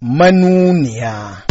manuniya.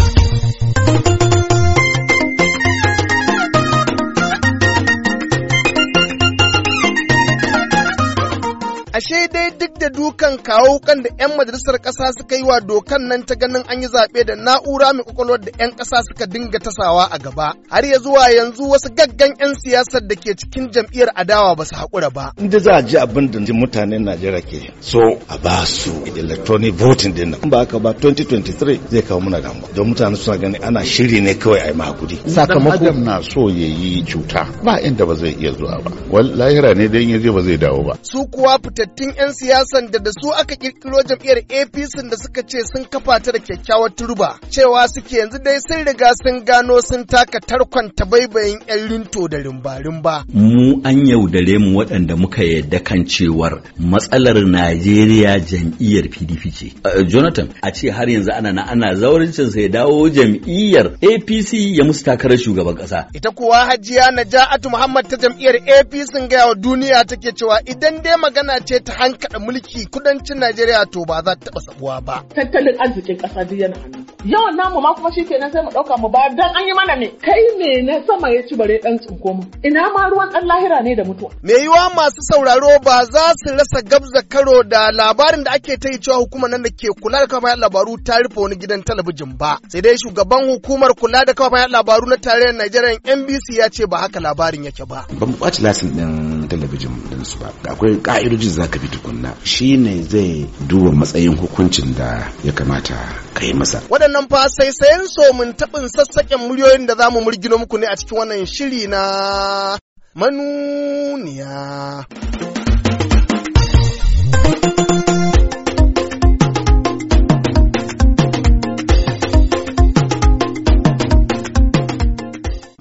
sai dai duk da dukan kawo kan da 'yan majalisar ƙasa suka yi wa dokan nan ta ganin an yi zaɓe da na'ura mai ƙwaƙwalwar da 'yan ƙasa suka dinga tasawa a gaba. Har ya zuwa yanzu wasu gaggan 'yan siyasar da ke cikin jam'iyyar adawa ba su haƙura ba. Inda za a ji abin da mutanen Najeriya ke so a ba su electronic voting din nan. Ba haka ba 2023 zai kawo muna damuwa. Don mutane suna gani ana shiri ne kawai a yi mahakuri. Sakamako na so ya yi cuta ba inda ba zai iya zuwa ba. Wal lahira ne dan ya je ba zai dawo ba. Su kuwa fitattun cikin 'yan siyasan da da su aka kirkiro jam'iyyar APC da suka ce sun kafa ta da kyakkyawar turba cewa suke yanzu dai sun riga sun gano sun taka tarkon tabaibayin 'yan rinto da rimba-rimba. Mu an yaudare mu waɗanda muka yadda kan cewar matsalar Najeriya jam'iyyar PDP ce. Eh, Jonathan a ce har yanzu ana na ana zaurincin sai dawo jam'iyyar APC ya musu takarar shugaban ƙasa. Ita kuwa Hajiya Naja'atu Muhammad ta jam'iyyar APC gaya wa duniya take cewa idan dai magana ce ta hankaɗa mulki kudancin Najeriya to ba za ta taɓa sabuwa ba. Tattalin arzikin ƙasa duk yana hannu. yawan namu ma kuma shikenan sai mu dauka mu ba dan an yi mana ne kai me na sama ya ci bare dan tsinko mu ina ma ruwan dan lahira ne da mutuwa me yiwa masu sauraro ba za su rasa gabza karo da labarin da ake ta cewa hukumar nan da ke kula da kafa labaru ta rufe wani gidan talabijin ba sai dai shugaban hukumar kula da kafa labaru na tarayyar Najeriya NBC ya ce ba haka labarin yake ba ban kwaci lasin din talabijin din su ba akwai ka'idojin zaka bi tukunna shine zai duba matsayin hukuncin da ya kamata kai masa Wannan fa sai sayan so mun taɓin sassaƙen muryoyin da za mu murgino muku ne a cikin wannan shiri na manuniya.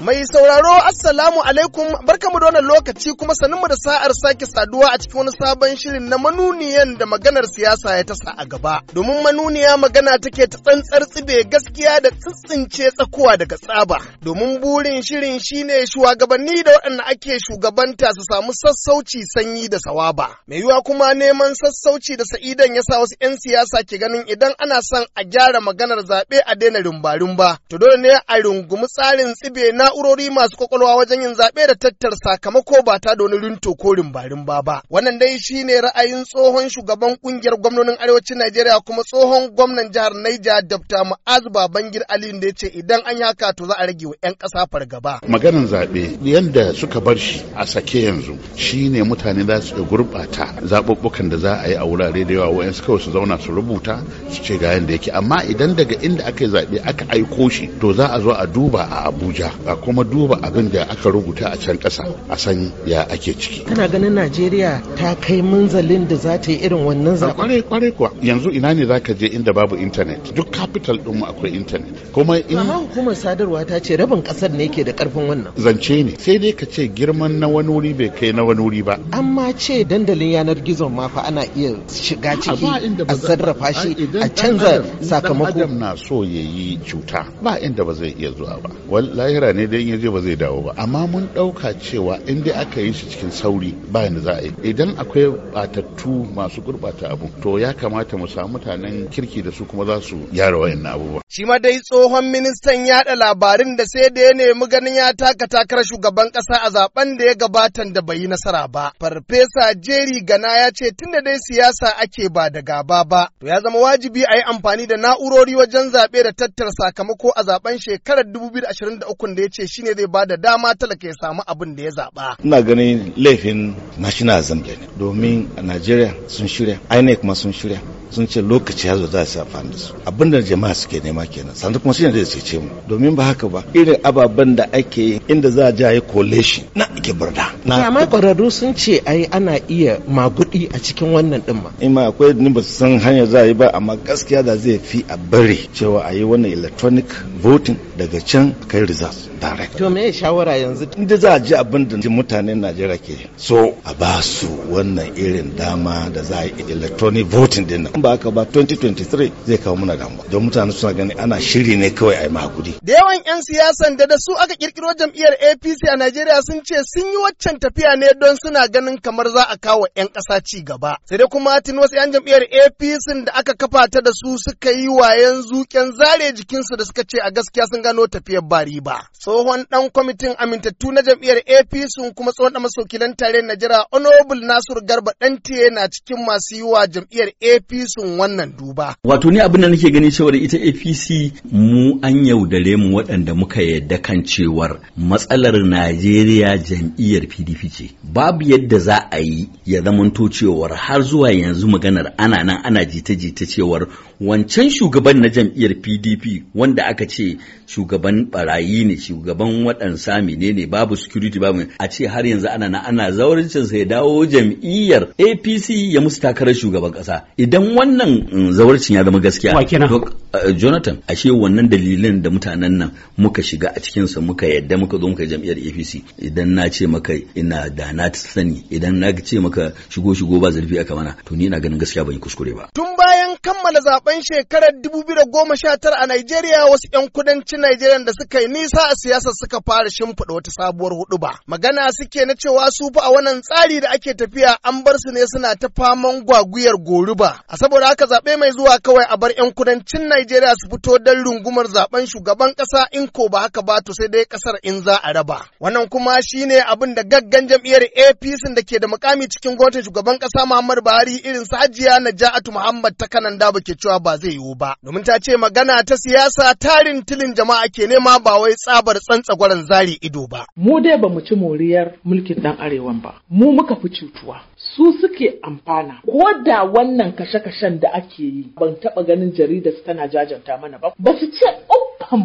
Mai sauraro Assalamu alaikum barkamu da wannan lokaci kuma saninmu da sa'ar sake saduwa a cikin wani sabon shirin na manuniyan da maganar siyasa ya tasa a gaba. Domin manuniya magana take ta tsantsar tsibe gaskiya da tsintsince tsakuwa daga tsaba. Domin burin shirin shine shugabanni da waɗanda ake shugabanta su samu sassauci sanyi da sawaba. Mai yiwa kuma neman sassauci da sa'idan ya sa wasu 'yan siyasa ke ganin idan ana son a gyara maganar zaɓe a daina rumba To dole ne a rungumi tsarin tsibe na na'urori masu kwakwalwa wajen yin zaɓe da tattar sakamako ba ta da wani rinto ko rimbarin ba ba. Wannan dai shi ne ra'ayin tsohon shugaban ƙungiyar gwamnonin arewacin Najeriya kuma tsohon gwamnan jihar Naija Dr. Ma'az Babangir ali da ya ce idan an yi haka to za a rage wa 'yan ƙasa fargaba. Maganin zaɓe yadda suka bar shi a sake yanzu shi ne mutane za su gurɓata zaɓuɓɓukan da za a yi a wurare da yawa wa'yansu kawai su zauna su rubuta su ce ga yadda yake amma idan daga inda aka yi zaɓe aka aiko shi to za a zo a duba a Abuja kuma duba abin da aka rubuta a can ƙasa a sani ya ake ciki kana ganin najeriya ta kai munzalin da za ta yi irin wannan zaɓen kwarai kwarai kuwa yanzu ina ne za ka je inda babu intanet duk capital ɗinmu akwai intanet kuma in amma hukumar sadarwa ta ce rabin ƙasar ne ke da ƙarfin wannan zance ne sai dai ka ce girman na wani wuri bai kai na wani wuri ba amma ce dandalin yanar gizo ma fa ana iya shiga ciki a sarrafa shi a canza sakamako adam na so ya yi cuta ba inda ba zai iya zuwa ba lahira ne dai idan ya je ba zai dawo ba amma mun ɗauka cewa in dai aka yi shi cikin sauri bayan da za a yi idan akwai batattu masu gurɓata abu to ya kamata mu samu mutanen kirki da su kuma za su gyara na abubuwa shi ma dai tsohon ministan yaɗa labarin da sai da ya nemi ganin ya taka takarar shugaban ƙasa a zaben da ya gabatan da bai yi nasara ba farfesa jerry gana ya ce tunda dai siyasa ake ba da gaba ba to ya zama wajibi a yi amfani da na'urori wajen zaɓe da tattara sakamako a zaben shekarar 2023 da ya ce shine zai bada dama talaka ya samu abin da ya zaba ina ganin laifin national assembly ne domin a najeriya sun shirya inec kuma sun shirya sun ce lokaci ya zo za su amfani da su abin da jama'a suke nema kenan sannan kuma shine zai cece mu domin ba haka ba irin ababen da ake yi inda za a ja yi collation na ake burda na amma kwararru sun ce ai ana iya magudi a cikin wannan din ma in ma akwai ni ba san hanyar za a yi ba amma gaskiya da zai fi a bari cewa a yi wannan electronic voting daga can kai results direct to me shawara yanzu inda za a ji abin da mutanen Najeriya ke so a ba su wannan irin dama da za a yi electronic voting din in ba haka ba 2023 zai kawo muna damuwa don mutane suna gani ana shiri ne kawai a yi mahakuri da yawan yan siyasan da da su aka kirkiro jam'iyyar APC a Najeriya sun ce sun yi waccan tafiya ne don suna ganin kamar za a kawo yan ƙasa ci gaba sai dai kuma tun wasu yan jam'iyyar APC da aka kafa ta da su suka yi wayan zuken zare jikinsu da suka ce a gaskiya sun gano tafiyar ba riba tsohon ɗan kwamitin amintattu na jam'iyyar APC kuma tsohon Masauki masokilan tare Najeriya Honorable Nasiru Garba Dantiye na cikin masu yi wa jam'iyyar APC majalisun wannan duba. Wato ni abin da nake gani cewar ita APC mu an yaudare mu waɗanda muka yadda kan cewar matsalar Najeriya jam'iyyar PDP ce. Babu yadda za a yi ya zamanto cewar har zuwa yanzu maganar ana nan ana jita-jita cewar wancan shugaban na jam'iyyar pdp wanda aka ce shugaban barayi ne shugaban waɗansa ne ne babu security babu a ce har yanzu ana na ana zawarcinsa ya dawo jam'iyyar apc ya musu takarar shugaban ƙasa idan wannan mm, zawarcin ya zama gaskiya eh, jonathan ashe wannan dalilin da mutanen nan muka shiga a cikinsa muka yadda muka zo muka jam'iyyar apc idan na ce maka ina da na sani idan na ce maka shigo shigo ba zurfi aka mana to ni ina ganin gaskiya ban yi kuskure ba tun bayan kammala zaɓen zaben shekarar 2019 a Najeriya wasu 'yan kudancin Najeriya da suka yi nisa a siyasar suka fara shimfiɗa wata sabuwar hudu ba. Magana suke na cewa su fa a wannan tsari da ake tafiya an bar su ne suna ta faman gwaguyar goruba. A saboda haka zaɓe mai zuwa kawai a bar 'yan kudancin Najeriya su fito don rungumar zaben shugaban ƙasa in ko ba haka ba to sai dai ƙasar in za a raba. Wannan kuma shine abin da gaggan jam'iyyar APC da ke da mukami cikin gwamnatin shugaban ƙasa Muhammadu Buhari irin su Hajiya Naja'atu Muhammad ta kanan da ke cewa ba zai yiwu ba. Domin ta ce magana ta siyasa tarin tilin jama'a ke nema ba wai tsabar tsantsagwaran zari ido ba. Mu dai ba mu ci moriyar mulkin ɗan arewan ba. Mu muka fi cutuwa. Su suke amfana. Ko da wannan kashe-kashen da ake yi ban taɓa ganin su tana jajanta mana ba. Ba su ce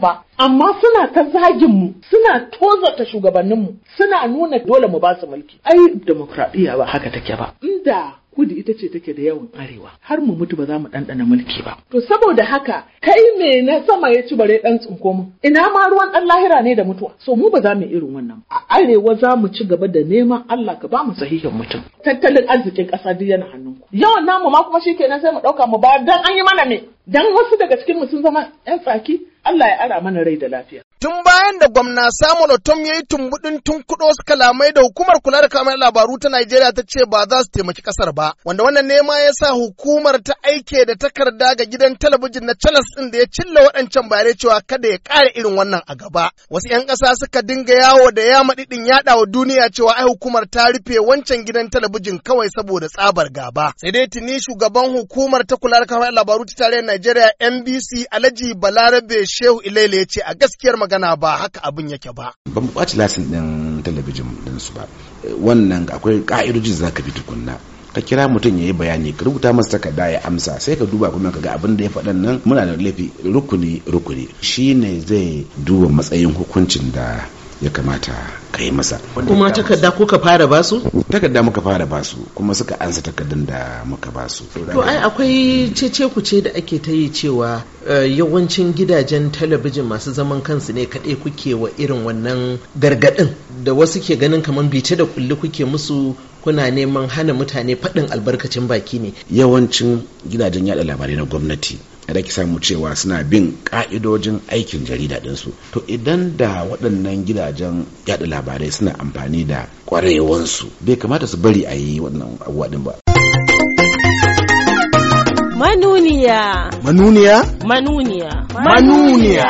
ba amma suna ta zagin mu suna ta shugabanninmu suna nuna dole mu ba su mulki ai demokradiya ba haka take ba inda Kudi ita ce take da yawan arewa har mu mutu ba za mu ɗanɗana mulki ba. To saboda haka kai me na sama ya ci bare ɗan tsinko mu ina ma ruwan ɗan lahira ne da mutuwa so mu ba za mu irin wannan a arewa za mu ci gaba da neman Allah ka ba mu sahihin mutum tattalin arzikin ƙasa duk yana ku. yawan namu ma kuma shikenan sai mu ɗauka mu ba dan an yi mana me dan wasu daga cikin mu sun zama ƴan tsaki Allah ya ara mana rai da lafiya. tun bayan da gwamna Samuel Otom ya yi tumbuɗin tunkuɗo wasu kalamai da hukumar kula da kamar labaru ta Najeriya ta ce ba za su taimaki ƙasar ba, wanda wannan nema ya sa hukumar ta aike da takarda ga gidan talabijin na Channels ɗin da ya cilla waɗancan bayanai cewa kada ya ƙara irin wannan a gaba. Wasu 'yan ƙasa suka dinga yawo da ya ɗin yaɗa wa duniya cewa ai hukumar ta rufe wancan gidan talabijin kawai saboda tsabar gaba. Sai dai tuni shugaban hukumar ta kula da kamar labaru ta tarayyar Najeriya NBC Alhaji Balarabe Shehu Ilele ya ce a gaskiyar magana magana ba haka abin yake ba ban buƙaci lasin ɗin talabijin ɗin su ba wannan akwai za ka bi tukunna ka kira mutum ya yi bayani ka rubuta masa takarda ya amsa sai ka duba kuma ka ga abin da ya faɗan nan muna da laifi rukuni rukuni shi ne zai duba matsayin hukuncin da ya kamata ka yi masa kuma takarda kuka fara basu takarda muka fara basu kuma suka ansa takardun da muka basu to ai akwai cece ce da ake ta yi cewa eh, yawancin gidajen talabijin masu zaman kansu ne kaɗai kuke wa irin wannan gargaɗin da wasu ke ganin kamar bice da kulli kuke musu kuna neman hana mutane faɗin albarkacin baki ne yawancin gidajen yada labarai na gwamnati rake ke samu cewa suna bin ka'idojin aikin jarida ɗinsu to idan da waɗannan gidajen yaɗa labarai suna amfani da ƙwarewansu bai kamata su bari a yi waɗannan abubuwa ɗin ba manuniya manuniya manuniya manuniya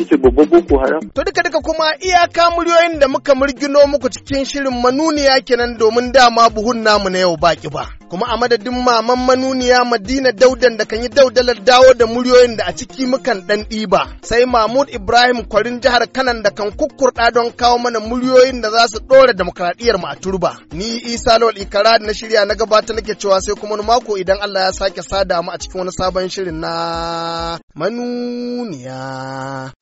ita babban boko haram. To duka duka kuma iyaka muryoyin da muka murgino muku cikin shirin manuniya kenan domin dama buhun namu na yau baki ba. Kuma a madadin maman manuniya Madina Daudan da kan yi daudalar dawo da muryoyin da a ciki mukan dan ɗiba. Sai Mahmud Ibrahim kwarin jihar Kanan da kan kukkurɗa don kawo mana muryoyin da za su ɗora demokradiyyar mu a turba. Ni Isa Lawal Ikara na shirya na gabata nake cewa sai kuma wani mako idan Allah ya sake sada mu a cikin wani sabon shirin na manuniya.